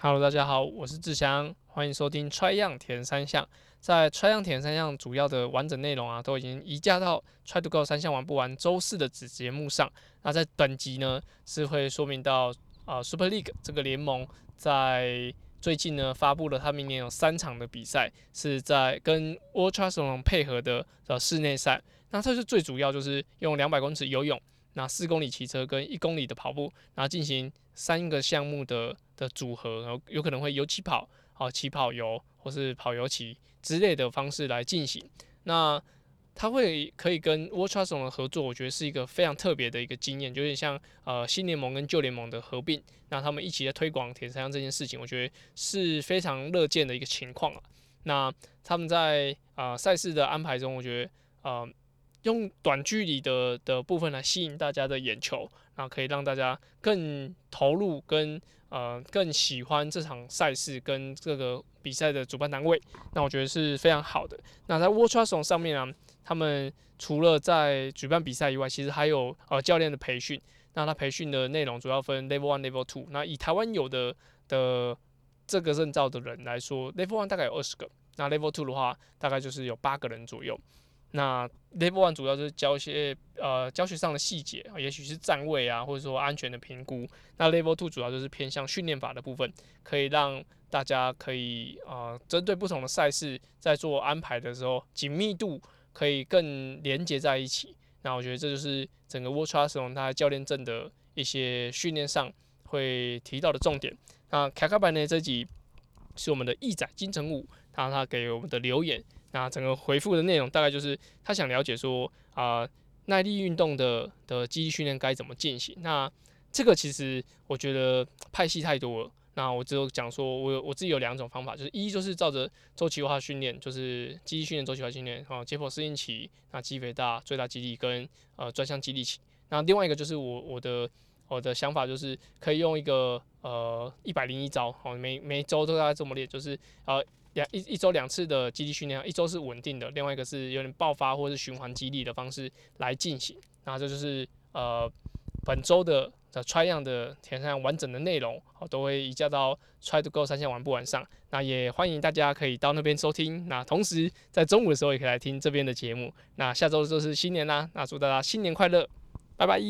Hello，大家好，我是志祥，歡迎收聽 Try Young 鐵人三項。在 Try Young 鐵人三項主要的完整內容啊，都已經移架到 Try to Go 三項玩不完周四的子節目上。那在本集呢，是會說明到啊，呃，Super League 這個聯盟在最近呢發布了他明年有三場的比賽，是在跟 Ultra Strong 配合的呃室內賽。那它是最主要就是用兩百公尺游泳，那四公里騎車跟一公里的跑步，然後進行三個項目的，的組合，然後有可能會游騎跑，好，啊，騎跑游或是跑游騎之類的方式來進行。那它會可以跟 w a 總 c h s 的合作，我覺得是一個非常特別的一個經驗，就有點像呃新聯盟跟舊聯盟的合併，讓他們一起在推廣鐵人三項這件事情，我覺得是非常樂見的一個情況，啊。那他們在呃賽事的安排中，我覺得呃。用短距離的的部分來吸引大家的眼球，然後可以讓大家更投入跟呃更喜歡這場賽事跟這個比賽的主辦單位，那我覺得是非常好的。那在 WatchUsong 上面啊，他們除了在主辦比賽以外，其實還有呃教練的培訓。那他培訓的內容主要分 Le 1, Level One、Level Two。那以台灣有的的這個證照的人來說，Level One 大概有二十個，那 Level Two 的話大概就是有八個人左右。那 Level One 主要就是教一些呃教學上的細節，也許是站位啊，或者說安全的評估。那 Level Two 主要就是偏向訓練法的部分，可以讓大家可以啊呃針對不同的賽事在做安排的時候，緊密度可以更連接在一起。那我覺得這就是整個 World Triathlon 它教練證的一些訓練上會提到的重點。那卡卡班呢，這集是我們的義仔金城武，他他給我們的留言。那整個回復的內容大概就是他想了解說啊、呃，耐力運動的的肌力訓練該怎麼進行？那這個其實我覺得派系太多了，那我只有講說我有我自己有兩種方法，就是一就是照着週期化訓練，就是肌力訓練週期化訓練啊，解剖適應期，那肌肥大、最大肌力跟呃專項肌力期。那另外一個就是我我的。我的想法，就是可以用一個呃一百零一招，好，每每周都大概這麼練，就是呃兩一一周兩次的肌力訓練，一周是穩定的，另外一個是有點爆發或是循環肌力的方式來進行。那這就是呃本周的的 Tri 樣的前三完整的內容，好，都會移交到 Tri To Go 三項玩不完。那也歡迎大家可以到那邊收聽。那同時在中午的時候也可以來聽這邊的節目。那下周就是新年啦，那祝大家新年快樂，拜拜。